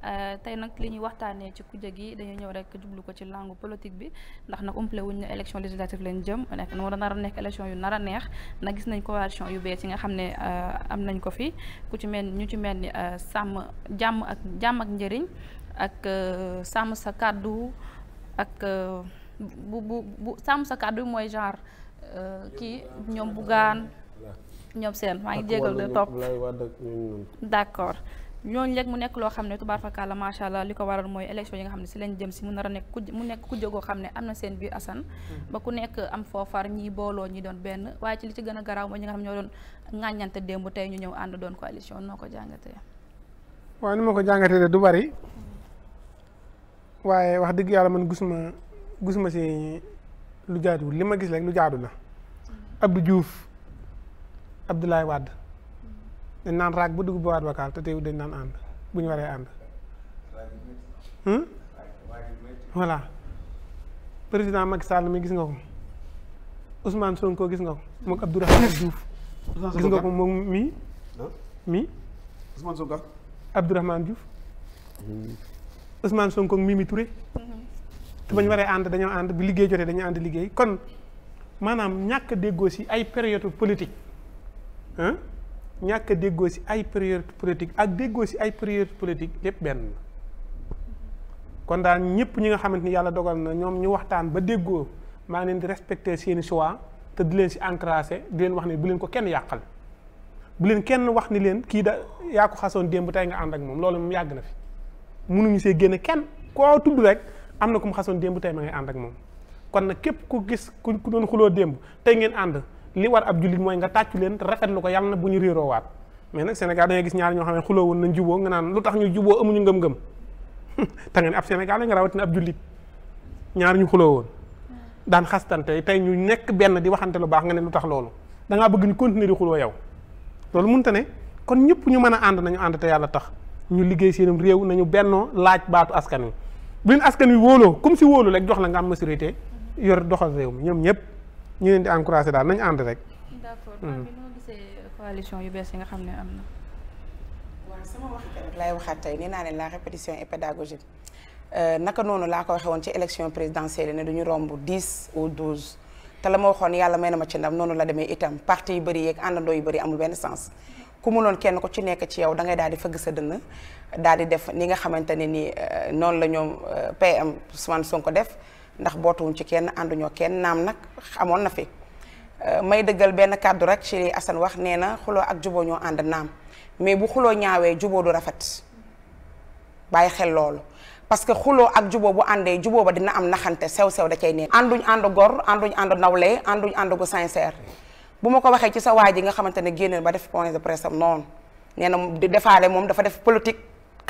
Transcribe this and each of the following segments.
Euh, tey nag li ñuy waxtaanee ci kujje gi dañuy ñëw rek jublu ko ci langue politique bi ndax na umple wuñ ne élection législative leen jëm nekk na war a nara a nekk élection yu nara neex na gis nañ coalition yu bees yi nga xam ne euh, am nañ ko fi ku ci mel ñu ci mel ni euh, sàmm jàmm ak jàmm ak njëriñ ak sàmm sa kàddu ak bu bu bu sàmm sa kàddu mooy genre kii ñoom bugaan ñoom seen maa ngi jégal de topp d'accord ñooñu léegi mu nekk loo xam ne tubaarfakàlla macha allah li ko waral mooy élection yi nga xam ne si lañ jëm si mu nar a nekk ku mu nekk ku xam ne am na seen biir asan mm-hmm. ba ku nekk am foofar ñi booloo ñi doon benn waaye ci li ci gën a garaaw mooy ñi nga xam ne ñoo doon ŋàññante démb tey ñu ñëw ànd doon coalition noo ko jàngatee waaw ni ma ko jàngatee du bari waaye wax dëgg yàlla man gisuma ma si lu jaaduwul li ma gis rek lu jaadu la mm-hmm. Abdou Diouf Abdoulaye Wade dañ naan raag ba dugub ba waat te teewul dañ naan ànd bu ñu waree ànd. Hmm? voilà président Macky Sall mi gis nga ko Ousmane Sonko gis nga ko moog Abdourahmane Diouf. gis nga moom mii. mii. Ousmane Sonko ak. Abdourahmane Diouf. Ousmane Sonko te ba waree ànd dañoo ànd bi liggéey jotee dañoo ànd liggéey kon maanaam ñàkk déggoo si ay période politique. ñàkk déggoo si ay priorité politique ak déggoo si ay priorité politique lépp benn kon daal ñëpp ñi nga xamante ni yàlla dogal na ñoom ñu waxtaan ba déggoo maa ngi leen di respecté seeni choix te di leen si encrassé di leen wax ne bu leen ko kenn yàqal bu leen kenn wax ni leen kii da yaa ko xasoon démb tey nga ànd ak moom loolu moom yàgg na fi mënuñu see génne kenn koo tudd rek am na ku mu xasoon démb tey ma ngay ànd ak moom kon na képp ku gis ku doon xuloo démb tey ngeen ànd li war ab jullit mooy nga tàccu leen rafet rafetlu ko yal na bu ñu réeroo waat mais nag Sénégal da gis ñaar ñoo xam ne xuloo woon nañ juboo nga naan lu tax ñu juboo amuñu ngëm-ngëm te nga ne ab Sénégal nga rawatina ab jullit ñaar ñu xuloo woon daan xastante tey ñu nekk benn di waxante lu baax nga ne lu tax loolu da bëgg ñu continuer di xuloo yow loolu mun mënta ne kon ñëpp ñu mën a ànd nañu ànd te yàlla tax ñu liggéey seenum réew nañu bennoo laaj baatu askan wi bu askan wi wóoloo comme si wóolu rek jox la nga am maturité yor doxal réew ñoom ñëpp ñu leen di encouragé daal nañu ànd rek. d'accord hmm. coalition yu bees yi nga xam ne am na. waaw nee naa leen la répétition est pédagogique euh, naka noonu laa ko waxee woon ci élection présidentielle ne duñu romb dix ou douze. te la ma waxoon yàlla may na ma ci ndam noonu la demee itam parti yu bëri yeeg àndandoo yu bëri amul benn sens ku mënoon kenn ko ci nekk ci yow da ngay daal di fëgg sa dënn daal di def ni nga xamante ne ni euh, noonu la ñoom euh, PM Ousmane ko def. ndax bootuwuñ ci kenn ànduñoo kenn naam nag amoon na fi euh, may dëggal benn kàddu rek ci li Assane wax nee na xuloo ak juboo ñoo ànd naam mais bu xuloo ñaawee juboo du rafet bàyyi xel loolu parce que xuloo ak juboo bu àndee juboo ba dina am naxante sew-sew da cay neen ànduñ ànd gor ànduñ ànd nawle ànduñ ànd gu sincère bu ma ko waxee ci sa waa nga xamante ne génn ba def point de presse am noonu nee na moom dafa def politique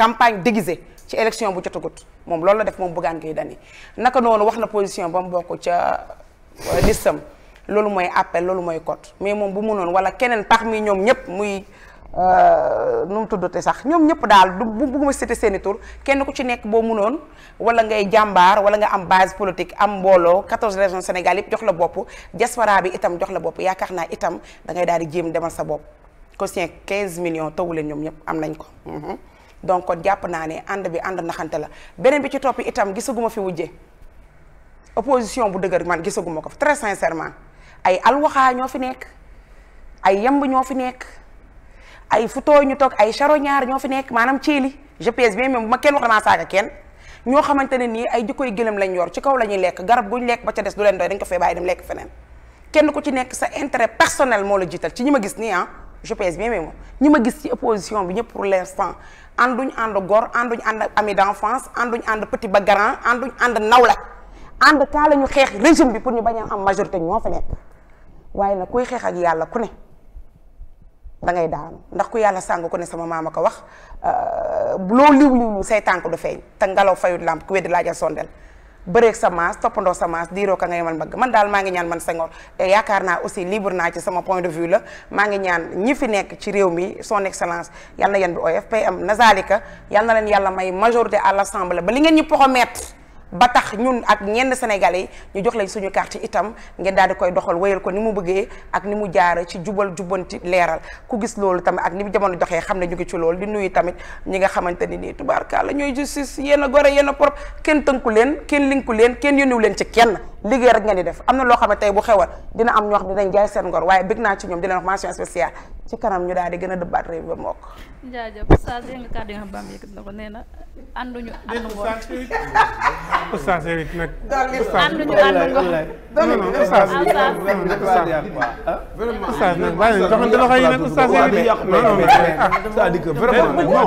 campagne déguisée ci élection bu jotagut moom loolu la def moom Bougane Gueye Dany naka noonu wax na position ba mu bokk ca euh, listam loolu mooy appel loolu mooy code mais moom bu mënoon wala keneen parmi ñoom ñëpp muy euh, nu mu tuddate sax ñoom ñëpp daal du bu bugguma cité seeni tur kenn ku ci nekk boo munoon wala ngay jàmbaar wala nga am base politique am mbooloo 14 régions Sénégal yëpp jox la bopp diaspora bi itam jox la bopp yaakaar naa itam dangay daal di jéem demal sa bopp caution 15 millions tawu ñoom ñëpp am nañ ko mhm. donc kon jàpp naa ne ànd bi ànd naxante la beneen bi ci topp itam gisaguma fi wujje opposition bu dëgër man gisaguma ko fi très sincèrement ay alwaxaa ñoo fi nekk ay yamb ñoo fi nekk ay futoo ñu toog ay charo charognard ñoo fi nekk maanaam ci je pèse bien même bu kenn wax damaa kenn ñoo xamante ne nii ay jikkoy gëlëm lañ yor ci kaw la ñuy lekk garab guñ lekk ba ca des du leen doy dañ ko fee bàyyi dem lekk feneen kenn ku ci nekk sa intérêt personnel moo la jiital ci ñi ma gis nii ah je pèse bien moom ñi ma gis ci opposition bi ñëpp pour l'instant ànduñ ànd gor ànduñ ànd ami d'enfance ànduñ ànd petit ba grand ànduñ ànd nawla ànd kaa la ñu xeex régime bi pour ñu bañ a am majorité ñoo fa nekk waaye nag kuy xeex ak yàlla ku ne dangay ngay ndax ku yàlla sàng ku ne sama maama ko wax euh, loo liw liw say tànk du feeñ te ngelaw fayut làmp ku weddi laajal sondel bëreeg sa maas toppandoo sa maas diiroo ka nga yemal mbagg man daal maa ngi ñaan man Senghor te yaakaar naa aussi libre naa ci sama point de vue la maa ngi ñaan ñi fi nekk ci réew mi son excellence yal na yan bi OFP am nazalika yal na leen yàlla may majorité à l'assemblée ba li ngeen ñu promettre ba tax ñun ak ñenn yi ñu jox leen suñu carte itam ngeen daal di koy doxal wéyal ko ni mu bëggee ak ni mu jaar ci jubal jubbanti leeral ku gis loolu tamit ak ni mu jamono doxee xam ne ñu ngi ci lool di nuyu tamit ñi nga xamante ni nii tubaarkàlla ñooy justice yéen a gore yéen a prop kenn tënku leen kenn linku leen kenn yónniwu leen ci kenn liggéey rek ngeen di def am na loo xam ne tey bu xewal dina am ñoo xam ne dinañ jaay seen ngor waaye bëgg naa ñoom di leen wax mention ci kanam ñu daal di gën a dëbbaat réew ba mbokk. jaajëf oustaz yéen nga kàddu yi nga xam ne yëkkat na ko nee na ànduñu ànd ngoon. oustaz Eric nag. ànduñu ànd ngoon. non non oustaz ko waxee bi loxo mais joxe loxo bi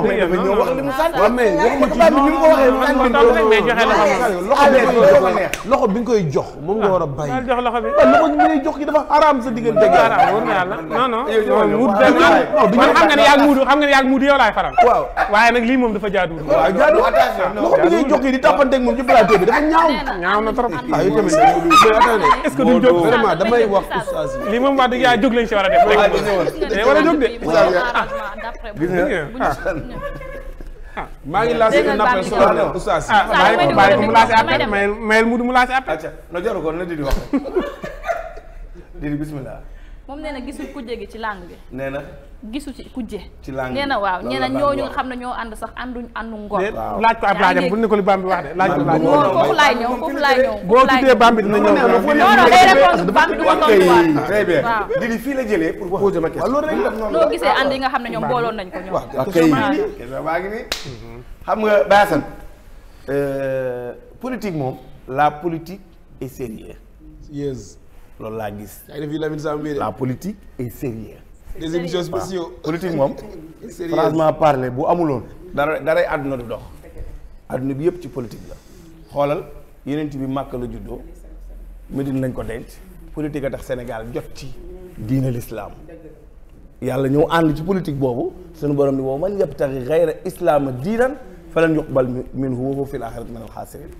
bi nga koy jox moom nga war a bàyyi. jox loxo bi loxo bi nga jox ki dafa haram sa diggante. haram woon na yàlla non non man xam nga ne yaa ngi muudu xam nga ne yaa ngi muudu yow laay faral. waaw waaye nag lii moom dafa jaaduwul. waaw jaaduwul loxo bi ngay jokkoo di tàppanteeg moom ci plateau bi dafa ñaaw. ñaaw na trop. waaw ah, yow tamit est-ce que duñ jóg vraiment damay wax oustaz yi. lii moom wax dëgg yàlla jóg lañ si war a def. waaw dëgg war a jóg de. Ah. gis nga ah. ah maa ngi lancé une appel solennel oustaz. ah bàyyi ko bàyyi ko mu lancé appel mayel mayel muudu mu lancé appel. na jaru ko na di wax Didi bismillah moom nee na gisul kujje gi ci langue bi. nee na. gisu ci kujje. ci langue bi nee na waaw nee na ñooñu nga xam ne ñoo ànd sax ànduñ àndu ngor. laaj ko ab laajam bu ne ko li Bambi wax de laaj ko laaj. foofu laay ñëw foofu laay ñëw. boo tuddee Bambi dina ñëw. non non day répondre Bambi du ko tontuwaat. très bien léegi fii la jëlee pour poser ma question. loolu rek la noo gisee ànd yi nga xam ne ñoom booloon nañ ko ñoom. waaw kay waa ngi nii mm-hmm. xam nga Baye Assane euh, politique moom la politique est sérieuse. yes. loolu laa gis. la politique est sérieuse. des émissions spéciaux politique moom. franchement parler bu amuloon. dara daray àdduna du dox. àdduna bi yëpp ci politique la. xoolal yenent bi màkk la juddoo. Médine lañ ko denc. politique a tax Sénégal jot ci. diine l'islam. yàlla ñëw ànd ci politique boobu. suñu borom ni boobu man yabtaghi ghayra islaama diinan falan yuqbal minhu wa huwa fil aaxirati minal xaasiriin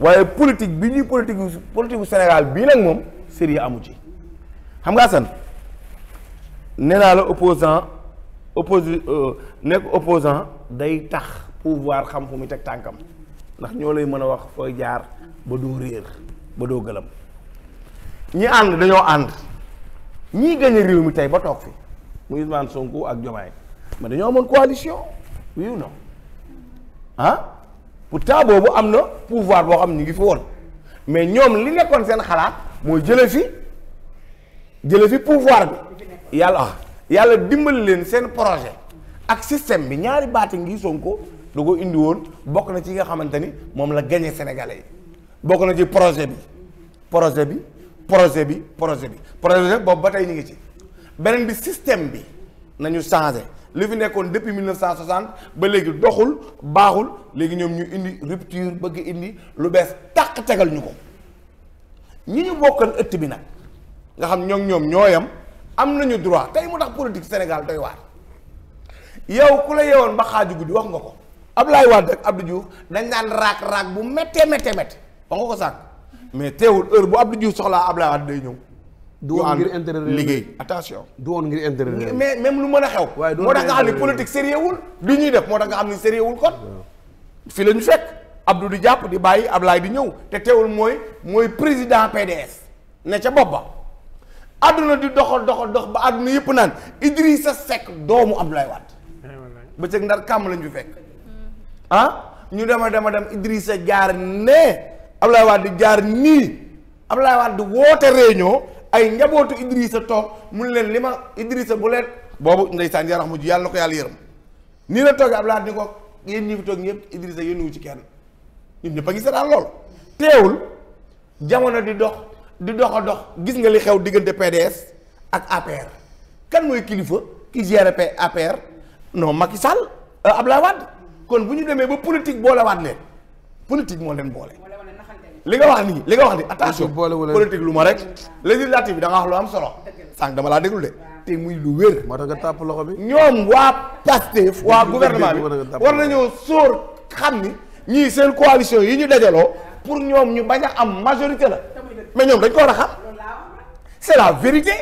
waaye politique bi ñuy politique politique bu Sénégal bii nag moom. sérieux amu ci xam nga Assane ne naa la opposant opposi euh, nekk opposant day tax pouvoir xam fu mu teg tànkam ndax ñoo lay mën a wax fooy jaar ba doo réer ba doo gëlëm ñi ànd dañoo ànd ñii gañe réew mi tey ba toog fi mu Ousmane Sonko ak Diomaye mais dañoo amoon coalition oui ou non ah pourtant boobu am na pouvoir boo xam ñu ngi fi woon mais ñoom li nekkoon seen xalaat mooy jële fi jële fi pouvoir bi yàlla yàlla dimbali leen seen projet ak système bi ñaari baati ngi Sonko da ko indi woon bokk na ci nga xamante ni moom la gagné Sénégalais yi bokk na ci projet bi projet bi projet bi projet bi projet boobu ba tey ñu ngi ci beneen bi système bi nañu changé li fi nekkoon depuis 1960 ba léegi doxul baaxul léegi ñoom ñu indi rupture bëgg indi lu bees tàq tegal ñu ko ñi ñu bokkal ëtt bi nag nga xam ñoom ñoom ñooyam am nañu droit tey mu tax politique Sénégal doy waar yow ku la yeewoon ba xaaju guddi wax nga ko ab Abdoulaye Wade ak Abdou Diouf dañ naan raak raak bu mettee méttee méttee wax nga ko sànq mais teewul heure bu Abdou Diouf soxlaa Abdoulaye Wade day ñëw. du woon ngir intérêt liggéey attention. du woon ngir intérêt mais même lu mën a xew. moo tax nga xam ne politique sérieux wul. du ñuy def moo tax nga xam ne sérieux kon. fii la ñu fekk. Abdou di jàpp di bàyyi Ablaye di ñëw te teewul mooy mooy président PDS ne ca bopp ba àdduna di doxal doxal dox ba àdduna yëpp naan sa Seck doomu Abdoulaye Wade bëccëg ndar kàmm lañ fi fekk ah ñu dema dema dem a dem Idrissa jaar ne Abdoulaye Wade jaar nii Abdoulaye Wade woote réunion ay njabootu Idrissa toog mun leen li ma Idrissa bu leen boobu ndeysaan yarax mujj yàlla na ko yàlla yërëm nii na toogee Abdoulaye Wade ni ko yéen ñi fi toog ñëpp Idrissa yéen wu ci kenn ñun ñëpp a ngi seetaan teewul jamono di dox di dox a dox gis nga li xew diggante PDS ak APR kan mooy kilifa ki gère APR non Macky Sall euh, Abdoulaye Wade kon bu ñu demee ba politique boolewaat leen politique moo leen boole. li nga wax nii li nga wax nii attention politique lu ma rek législative bi da nga wax lu am solo sànq dama laa déglu de te muy lu wér. moo tax nga tàpp loxo bi. ñoom waa Pastef waa gouvernement bi war nañoo sóor xam ni. ñii seen coalition yi ñu dajaloo pour ñoom ñu bañ a am majorité la mais ñoom dañ ko war a xam c'est la vérité.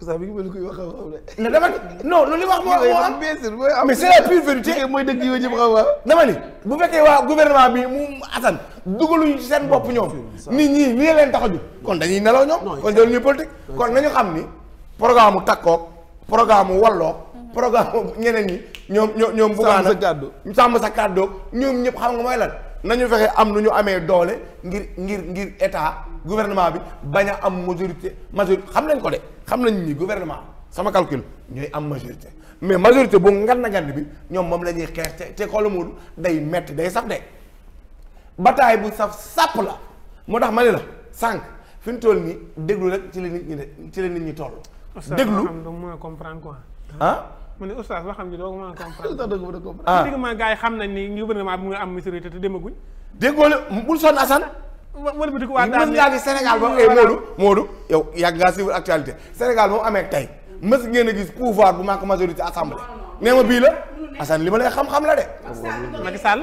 sax bi nga mel ni kuy wax ne dama non moo am mais mooy dëgg yi ñëpp xam dama ni bu fekkee waa gouvernement bi mu Assane dugaluñu seen bopp ñoom nit ñi nii leen tax a jóg kon dañuy nelaw ñoom kon doon ñuy politique kon nañu xam ni programme mu takkoog programme mu walloog programme ñeneen ñi ñoom ñoom ñoom bugaan sa kàddu sàmm sa kàddu ñoom ñëpp xam nga mooy lan nañu fexe am nu ñu amee doole ngir ngir ngir état gouvernement bi bañ a am majorité majorité xam nañ ko de xam nañ nii gouvernement sama calcul ñooy am majorité mais majorité bu ngan na ngan bi ñoom moom la ñuy xeex te te xoolu day metti day saf de bataay bu saf sàpp la moo tax ma ne la sànq fi mu toll nii déglu rek ci la nit ñi de ci la nit ñi toll. déglu mooy comprendre quoi. ah. mu ne oustaz waxam ji doo ko mën a comprendre. ah pratiquement gars xam nañ ni ñu gouvernement bi mu ngi am maturité te demaguñ. déggoo leen bul sonn Assane. wala mu ngay Moodu Moodu yow yàgg ngaa suivre actualité Sénégal moom amee tey mës ngeen a gis pouvoir bu manque majorité assemblée nee ma bii la Assane li ma xam-xam la de. Macky Sall.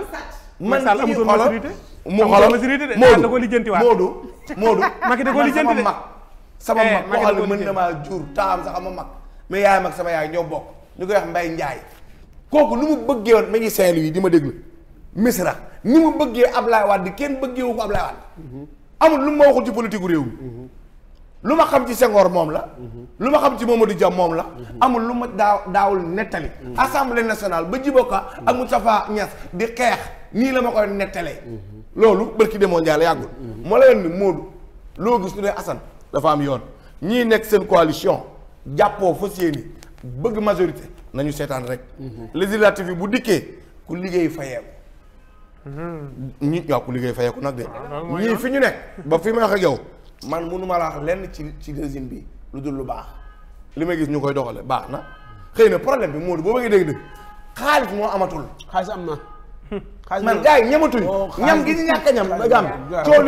man Sall amutoon maturité mu xoolal maturité de Moodu da ko lijjanti waat Moodu Moodu da ko lijjanti de sama mag sama eh, mag waxal mën na maa jur taam sax mag mais yaayam ak sama yaay ñoo bokk ñu koy wax Mbaye Ndiaye kooku lu mu bëggee woon ma ngi Saint-Louis di ma dégg déglu Misra ni mu bëggee ab Ablaye di kenn bëggee wu ko Ablaye Wade amul lu ma waxul ci politique réew mi lu ma xam ci sengoor moom la lu ma xam ci Mamadou Dia moom la amul lu ma daaw daawul nettali assemblée national ba jiboka ak Moustapha Niass di xeex nii la ma koy nettalee loolu bërki demoo ndialle yàggul moo la yoon ni Moodu loo gis ñu ne Assane dafa am yoon ñii nekk seen coalition jàppoo fas yéene bëgg majorité nañu seetaan rek. Mhm. législative yi bu dikkee ku liggéey fayeeku. ñi mhm. waaw ku liggéey fayeeku nag de. Ah, ñii fi ñu nekk ba fi may wax jow man mënuma laa lenn ci ci régime bi lu dul lu baax li may gis ñu koy doxale baax na mhm. xëy na problème bi moo di boo bëggee dégg-dégg xaalis moo amatul. xaalis am na. man gars yi ñamatuñ oh, ñam gi ñu ñàkk a ñam ba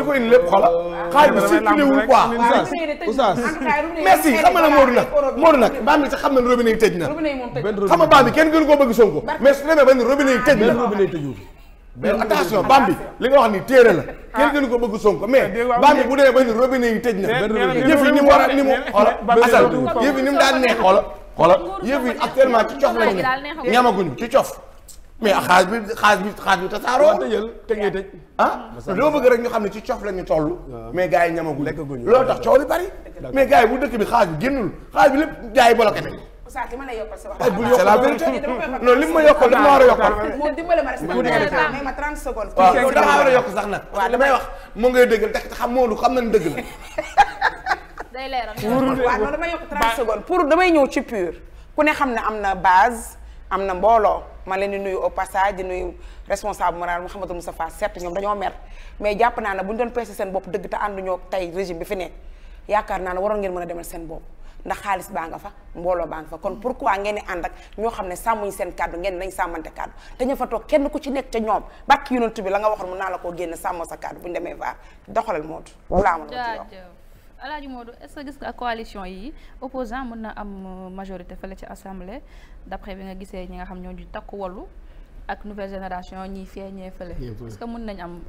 ko indi lépp oh, xola xaal bi circulé wul ne Modou nag Modou nag baam bi sax xam na ne robinet yi tëj na xam nga baam bi kenn gënu koo bëgg na mais Bambi li nga wax ni téere la ko bëgg Sonko mais ba ni robinet yi tëj na yëf ni mu war ni mu xoola asal yëf yi ni mu daan neex xoola xoola yëf yi actuellement ci cof lañu ne ñamaguñu ci cof mais xaas bi xaas bi xaas bi tasaaroo. tëjal tëjee tëj. ah loo bëgg rek ñu xam ne ci coof la ñu toll. mais gars yi ñamaguñ. loolu tax coow li bari. mais gars yi bu dëkk bi xaas bi génnul xaas bi lépp gars yi bloqué nañ. Oustaz li ma lay yokkal war a yokkal. may damay wax moo ngay dëggal te xam Moodu xam nañ dëgg la. pour damay ñëw ci pur ku ne xam ne am na base am na mbooloo ma leen ni nuyu au passage di nuyu responsable moral Mouhamadou Moustapha certes ñoom dañoo mer mais jàpp naa ne bu ñu doon peese seen bopp dëgg te ànduñoo tey régime bi fi ne yaakaar naa ne waroon ngeen mën a demal seen bopp ndax xaalis baa nga fa mbooloo baa nga fa kon pourquoi ngeen di ànd ak ñoo xam ne sàmmuñ seen kàddu ngeen nañ sàmmante kàddu te ñu fa toog kenn ku ci nekk ca ñoom barki yonent bi la nga waxoon mun naa la koo génne sa kàddu bu ñu demee vaar doxalal Alaaji Modou est-ce que gis nga coalition yi opposant mën na am euh, majorité fële ci assemblée d'après bi nga gisee ñi nga xam ñoo ñu takku wallu ak nouvelle génération ñi feeñee fële. est que mën nañ am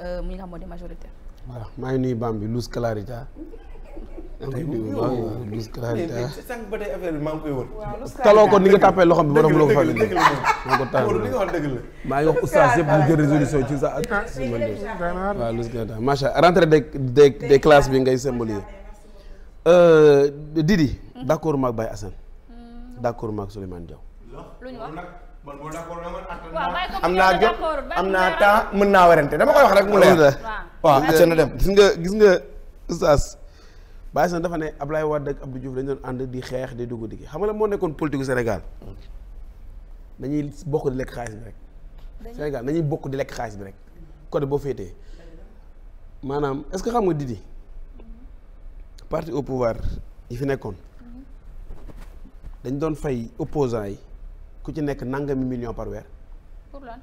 euh, ñi nga xam moo di majorité. waaw maa ngi nuyu Bambi Luz Clarita sànq ba tey affaire koy wër. taloo ko ni nga tàppee loxo bi ma doon fa dëgg la maa ko tànn li nga wax dëgg la. maa ngi wax macha allah rentrée des des bi ngay symboliser. Euh, Didi. Hmm. d' maak Baye Assane. Hmm. d' maak Souleymane Diaw. am naa jot mën naa werante dama koy wax rek mu leer. waaw gis nga gis nga oustaz. Baye Assane dafa ne Ablaye Wade ak Abdou Diouf dañu doon ànd di xeex di dugg digg xam nga moo nekkoon politique Sénégal dañuy bokk di lekk xaalis bi rek. Sénégal dañuy bokk di lekk xaalis bi rek. côté boo féetee maanaam est-ce que xam nga Didi parti au pouvoir yi fi nekkoon mhm. dañ doon fay opposant yi ku ci nekk nangami million par weer. pour lan.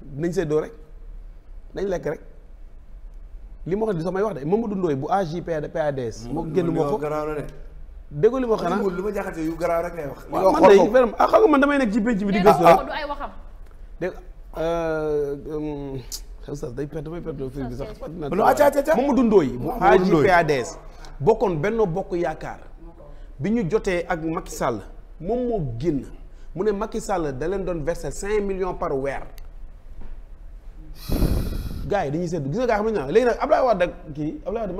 dinañ seddoo rek nañ lekk rek. li ma wax di may wax de Mamadou Ndoye bu AJPAD PADS. li ma xanaa wax. waaw ah, di gëstu rek. du ay waxam. dégg nga euh, euh, day perte damay bokkoon Benno Bokk Yaakaar bi ñu jotee ak Macky sàll moom moo génn mu ne Macky Sall da leen doon verser cinq millions par weer. gars yi dañuy seetlu gis nga gars xam nañu naa léegi nag Ablaye Wade ak kii Ablaye Wade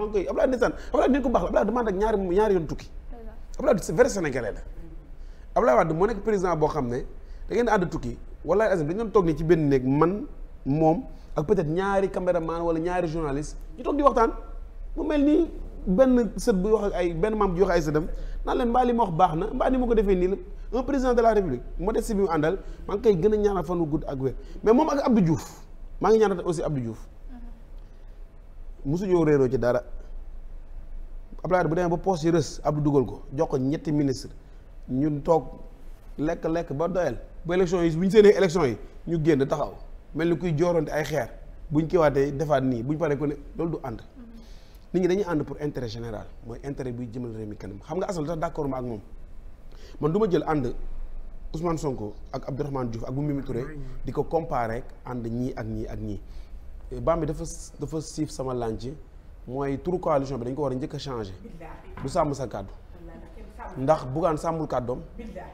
maa moo nekk boo xam ne da ngeen ànd wala asim toog ni benn néeg man moom ak peut-être ñaari caméraman wala ñaari journaliste ñu toog di waxtaan mu mel nii benn sët bu benn maam di wax ay sëtam naan leen mbaa li ma wax baax na mbaa ni ma ko defee nii la président de la république modeste bi mu àndal maa ngi koy gën a ñaanal fan wu gudd ak wér mais moom ak Abdou Diouf maa ngi ñaanal aussi Abdou Diouf mosuñoo réeroo ci dara Abdoulaye bu demee ba poste yi rës Abdou dugal ko jox ko ñetti ministre ñun toog lekk-lekk ba doyal bu élection yi bu ñu seenee élection yi ñu génn taxaw mel ni kuy joorante ay xeer buñ kiiwaatee defaat nii buñ paree ko ne loolu du ànd nit ñi dañuy ànd pour intérêt général mooy intérêt buy jëmal réew mi kanam xam nga asal tax d'accord ma ak moom man du ma jël ànd Ousmane Sonko ak Abdourahmane Diouf ak bu Mimi Touré di ko rek ànd ñii ak ñii ak ñii baam bi dafa dafa siif sama lanci mooy turu coalition bi dañ ko war a njëkk a changé du sàmm sa kàddu ndax Bougane sàmmul kàddoom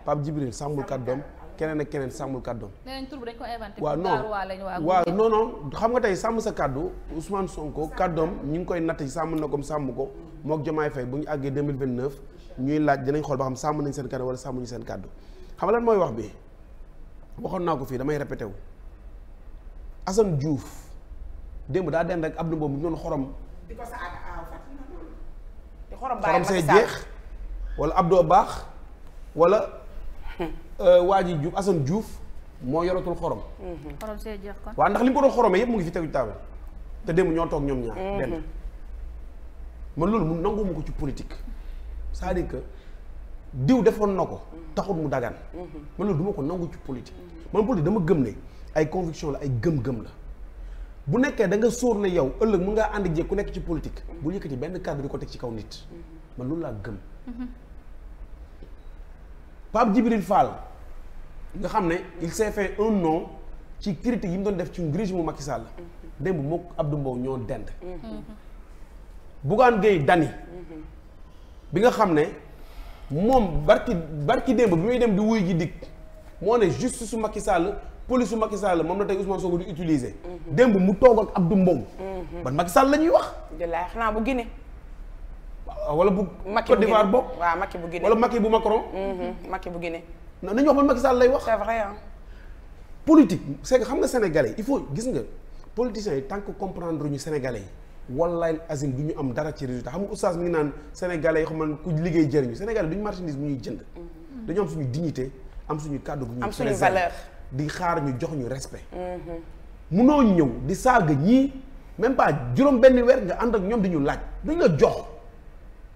Pape Djibril sàmmul kàddoom keneen ak keneen sàmmul kàddoom waaw non waaw non non xam nga tey sàmm sa kàddu Ousmane Sonko kàddoom ñu ngi koy natt sàmm na ko sàmm ko mook Diomaye Faye bu ñu àggee 2029 ñuy laaj dinañ xool ba xam sàmm nañ seen kàddu wala sàmmuñu seen kàddu xam nga mooy wax bi waxoon naa ko fii damay répété wu juuf démb daa dend rek Abdou Mbow mi doon xorom. di ko sa te xorom bàyyi say jeex wala Abdou baax wala euh, waa ji Diouf Assane Diouf moo yoratul xorom. Mm-hmm. xorom say jeex kon. waaw ndax li mu ko doon xoromee yépp mu ngi fi tegu taabal te démb ñoo toog ñoom ñaar. benn mm-hmm. man loolu mu nangu ko ci politique cest à diw defoon na ko taxul mu dagan man loolu du ko nangu ci politique man politique dama gëm ne ay conviction la ay gëm-gëm la bu nekkee da nga sóor ne yow ëllëg mun ngaa ànd ak ku nekk ci politique bu yëkkati benn cadre di ko teg ci kaw nit man loolu laa gëm Pape Djibril Fall nga xam ne ci critique yi mu doon def ci régime Macky Sall démb mook Abdou Mbow ñoo dend mm-hmm. Bougane Gueye Dany mm-hmm. bi nga xam ne moom barki barki démb bi muy dem di wuy gi dig moo ne juste su Macky Sall police su Macky Sall moom la tey Ousmane Sonko di utiliser. Mhm. démb mu toogoon ak Abdou Mbow. ban mhm. Macky Sall la ñuy wax. alhamdulilah xanaa bu Guinée. Ah, wala bu. Macky bu Guinée Côte d'Ivoire bokk. waaw bu Guinée wala Macky bu Macron. Mhm, Macky bu Guinée. non nañu wax ban Macky Sall lay wax. c'est vrai hein. politique xam nga sénégalais il faut gis nga politiciens yi tant que comprendre ñu sénégalais yi. wallaay azim du ñu am dara ci résultat xam nga oustaz mi ngi naan sénégalais yi xam man ku liggéey jëriñu sénégalais du ñu marchandise bu ñuy jënd mhm. dañu am suñu dignité am suñu kàddu gu ñuy préserver di xaar ñu jox ñu respect mhm. munoo ñëw di saaga ñii même pas juróom benn weer nga ànd ak ñoom dañu laaj duñ la jox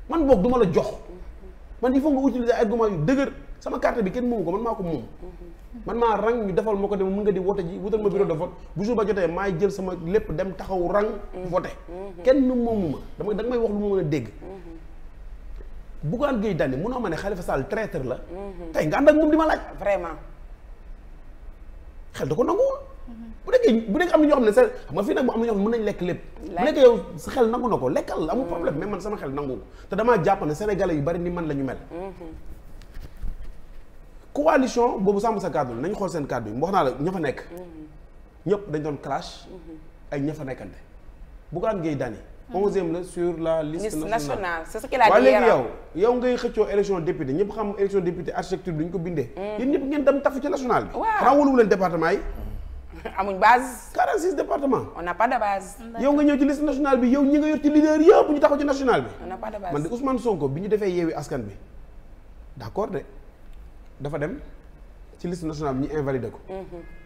man boog du ma la jox mhm. man il faut nga utiliser argument yu dëgër sama carte bi kenn moomu ko man maa ko moom man maa rang ñu defal ma ko dem mun nga di vote ji wutal ma bureau de vote bu jour ba jotee maay jël sama lépp dem taxaw rang vote kenn moomu ma dama da may wax lu ma mën a dégg Bougane Gueye Dany munoo ma ne Khalifa Sall traître la tey nga ànd ak moom di ma laaj vraiment xel da ko nanguwul bu nekkee bu nekkee am na ñoo xam ne sa xam nga na ñoo mën nañ lekk lépp bu nekkee yow sa xel nangu na ko lekkal amul mm. problème mais man sama xel nangu ko te damaa jàpp ne sénégalais yu bari ni man la ñu mel mm-hmm. coalition boobu sàmm sa kàddu nañ xool seen kàddu yi wax naa la ña nekk. Mm-hmm. ñëpp dañ doon clash. Mm-hmm. ay ña fa nekkante. Bougane Gueye Dany. Mm-hmm. onzième la sur la liste nationale c'est ce qu'il a xam élection député architecture bi ñu ko bindee. yéen ñëpp ngeen dem tafu ci national bi. n'a pas de base. yow nga ñëw ci liste nationale bi yow ñi nga yor ci leader yëpp ñu taxaw ci national bi. on n'a man de Ousmane Sonko bi ñu defee yeewi askan bi d'accord de. dafa dem ci liste nationale bi ñu invalidé ko.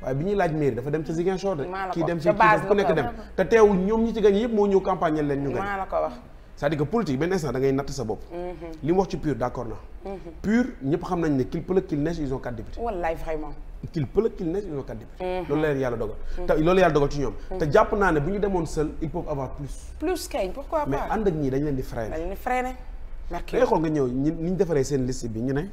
waaye bi ñuy laaj mairie dafa dem ca Ziguinchor de. kii dem ci kii ku nekk dem te teewul ñoom ñi ci gañ yëpp moo ñëw campagne leen ñu gañ. maa la ko wax. cest à benn instant da natt sa bopp. Mhm. li mu wax ci pur d'accord na. Mhm. pur ñëpp xam nañ ne kil pleuve qu'il neige ils ont quatre députés. wallaay vraiment. qu'il pleuve qu'il neige ils ont mhm. loolu la leen yàlla dogal. te loolu la yàlla dogal ci ñoom. te jàpp naa ne bu ñu demoon seul ils peuvent avoir plus. mais ànd ak dañ leen di freiner. dañ leen di ñu defaree seen liste bi ñu ne.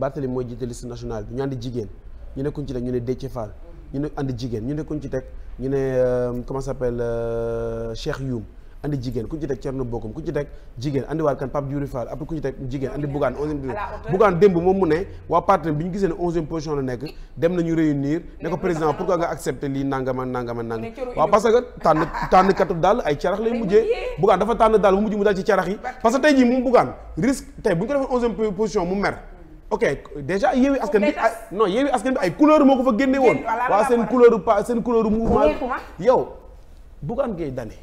Barthélemy mooy jiite liste nationale bi ñu ànd jigéen ñu nekkuñ ci teg ñu ne Déthié Fall ñu ne ànd jigéen ñu ne euh, comment euh, ku ci teg Thierno Bokum ku ci teg jigéen andi waat kan Pape Diouri Fall après ku ci teg jigéen andi Bougane onzième position démb moom mu ne waa partenaire bi ñu gisee ne onzième position la nekk dem nañu réunir ne ko président pourquoi nga accepté lii nangama nangama nangam waaw parce que tànn tànn katu daal ay carax lay mujjee Bougane dafa daal mu mujj mu daal ci carax que tey ok déjà Yewwi Askan Wi ay non Yewwi Askan Wi ay couleur moo ko fa génne woon waaw seen couleur pa seen couleur mouvement yow Bougane Gueye Dany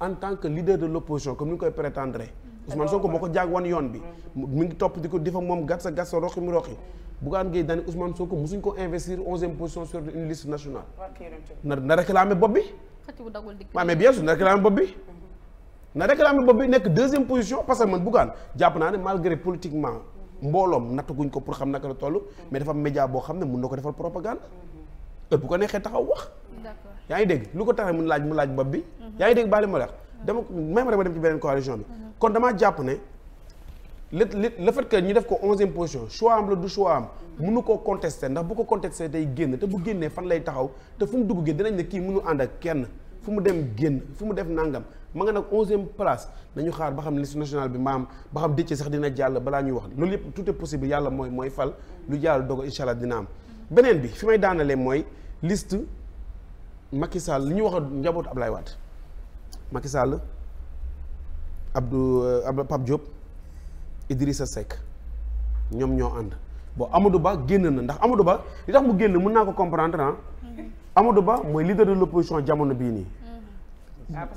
en tant leader de l'opposition comme ni koy prétendre Ousmane Sonko moo ko jaag wan yoon bi mu ngi topp di ko difa moom gat sa gat sa roqi mu roqi Bougane Gueye Dany Ousmane Sonko musuñ ko investir onzième position sur une liste nationale na na réclamer bopp bi waaw mais bien sûr na réclamer bopp bi bopp bi mbooloom nattaguñ ko pour xam naka la toll. mais dafa am média boo xam ne mun na ko defal propagande. heure bu ko neexee taxaw wax. yaa ngi dégg lu ko taxee mun laaj mu laaj bopp bi. yaa ngi dégg baali ma leex dama même rek ma dem ci beneen coalition bi. Mhm. kon damaa jàpp ne. le le fait que ñu def ko onzième position choix am la du choix am. mënu koo contester ndax bu ko contester day génn te bu génnee fan lay taxaw te fu mu duggee dinañ ne kii munu ànd ak kenn fu mu dem génn fu mu def nangam ma nag onzième place nañu xaar ba xam liste nationale bi maam ba xam dëcc sax dina jàll balaa ñuy wax loolu yëpp tout est possible yàlla mooy mooy fal lu jàll dogo incha allah dina am beneen bi fi may daanalee mooy list Macky Sall li ñu wax njabootu lay Wade Macky Sall Abdou euh, Abdou Pape Diop Idrissa Seck ñoom ñoo ànd bon Amadou Ba génn na ndax Amadou Ba li tax mu génn mun naa ko comprendre ah mm-hmm. Ba mooy leader de l'opposition jamono bii nii Ah,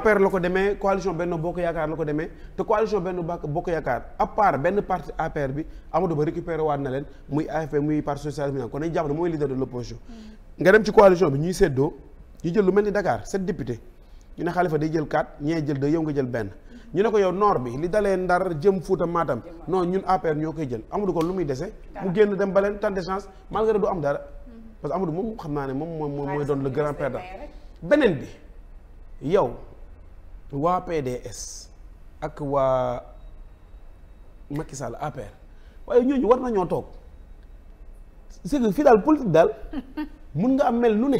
APR la ko demee coalition benn Bokk Yaakaar la ko demee te coalition Benno Bokk Yaakaar à part benn parti APR bi Amadou Ba récupéré na leen muy AFP muy parti socialiste bi naan kon nañ jàpp ne mooy leader de l'opposition mm. nga dem ci coalition bi ñuy jël lu ni Dakar sept députés ñu ne Khalifa day jël quatre ñee jël deux yow nga jël benn mm. ñu ne ko yow noor bi li dalee Ndar jëm Fuuta maatam non ñun APR ñoo koy jël Amadou ko lu muy dese mu génn dem baleen tante chance malgré du am dara mm-hmm. parce que Amadou moom xam naa ne moom mooy mooy doon le grand perdant beneen bi yow waa PDS ak waa Macky Sall APR waaye ñooñu war nañoo toog c'est que fii daal politique daal mun nga am mel nu ne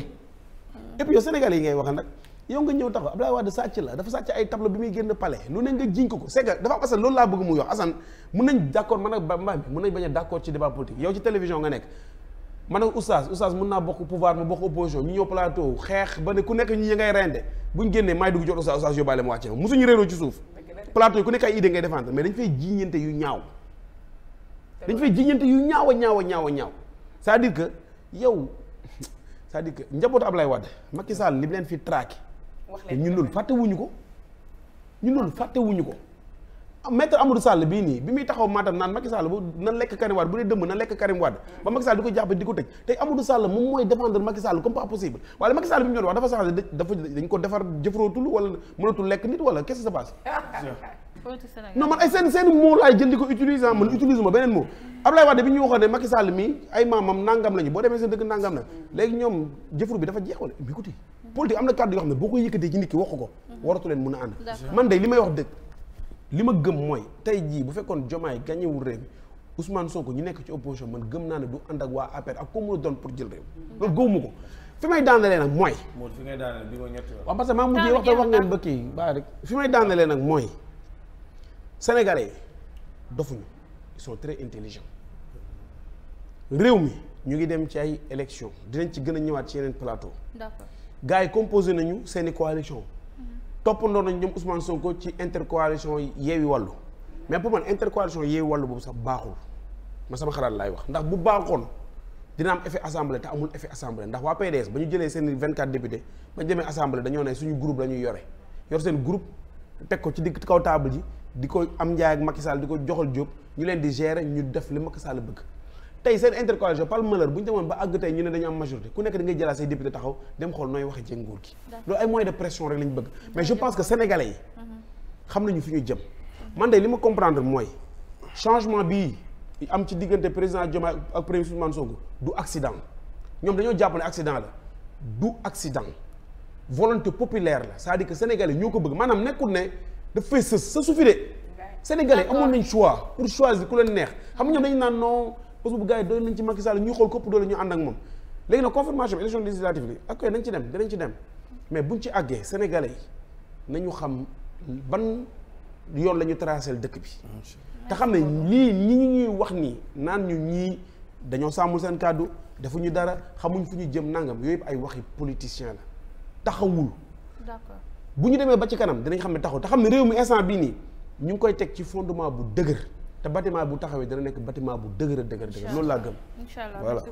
et puis yow Sénégalais yi ngay wax nag yow nga ñëw taxaw Abdoulaye Wade sàcc la dafa sàcc ay tableau bi muy génn palais lu ne nga jiñ ko ko dafa am Assane loolu laa bëgg mu yox Assane mun nañ d'accord man ak ba mbaa bi mun nañ bañ a ci débat politique yow ci télévision nga nekk man a oustaz oustaz mën naa bokk pouvoir ma bokk opposition ñu ñëw plateau xeex ba ne ku nekk ñi ñi ngay reynde buñ génnee maay dugg jot oustaz oustaz yóbbaale ma wàcce ma mosuñu réeroo ci suuf plateau ku nekk ay ngay défendre mais dañ fay jiñante yu ñaaw dañ fay jiñante yu ñaaw a ñaaw a ñaaw a ñaaw c'est-à-dire que yow c'est-à-dire que njabootu lay Wade Macky Sall li mu leen fi traqué ñun loolu fàttewuñu ko ñun loolu fàttewuñu ko maître Amadou Sall bii nii bi muy taxaw Matam naan Macky Sall bu na lekk Karim Wade bu dee dëmm na lekk Karim Wade ba Macky Sall bi mu doon wax jël di ko utiliser man utilise ma beneen mot am na wax ko li ma gëm mooy tey jii bu fekkoon Diomaye gañewul réew mi Ousmane Sonko ñu nekk ci opposition man gëm naa ne du ànd ak waa APR ak ko mën a doon pour jël réew loolu gëwuma ko fi may daanalee nag mooy. moom fi ngay daanalee bi mooy ñetti waaw parce que maa mujjee fi may daanalee nag mooy sénégalais yi dofuñu ils sont très intelligents réew mi ñu ngi dem ci ay élections dinañ ci gën a ñëwaat ci yeneen plateau. d'accord gars yi composé nañu seeni coalition. toppandoo nañ ñoom Ousmane Sonko ci intercoalition Yewwi Wallu mais pour man intercoalition Yewwi Wallu boobu sax baaxul ma sama xaral laay wax ndax bu baaxoon dina am effet assemblée te amul effet assemblée ndax waa PDS ba ñu jëlee seen i 24 députés ba ñu demee assemblée dañoo ne suñu groupe la yore yor seen group teg ko ci digg kaw table yi di ko am njaay ak Macky di ko joxal Diop ñu leen di ger ñu def li Macky Sall bëgg. tey seen intercoalition par malheur bu ñu ba àgg tey ñu ne dañu am majorité ku nekk da ngay jëlaat say député taxaw dem xool nooy waxee ci nguur gi loolu ay moyens de pression rek lañ bëgg mais je pense que sénégalais yi mhm. xam nañu fi ñu jëm man de li ma comprendre mooy changement bii am ci diggante président Diomaye ak premier ministre Ousmane Sonko du accident ñoom dañoo jàpp accident la du accident volonté populaire la c'est-à-dire que sénégalais ñoo ko bëgg maanaam nekkul ne dafay sës sa sufi amoon nañ choix pour ku leen neex xam nga ñoom dañu naan non bés bu gars yi doy nañ ci Macky Sall ñuy xool képp doole ñu ànd ak moom léegi nag confirmation bi élection législative bi ak koy nañ ci dem danañ ci dem mais buñ ci àggee sénégalais yi nañu xam ban yoon la ñu tracé dëkk bi te xam ne lii ñi ñu ñuy wax nii naan ñu ñii dañoo sàmmul seen kàddu defuñu dara xamuñ fu ñu jëm nangam yooyu yëpp ay waxi politicien la taxawul d'accord bu ñu demee ba ci kanam dinañ xam ne taxaw te xam ne réew mi instant bii nii ñu ngi koy teg ci fondement bu dëgër te bâtiment bu taxawee dana nekk bâtiment bu dëgër a dëgër dëgër loolu laa gëm voilà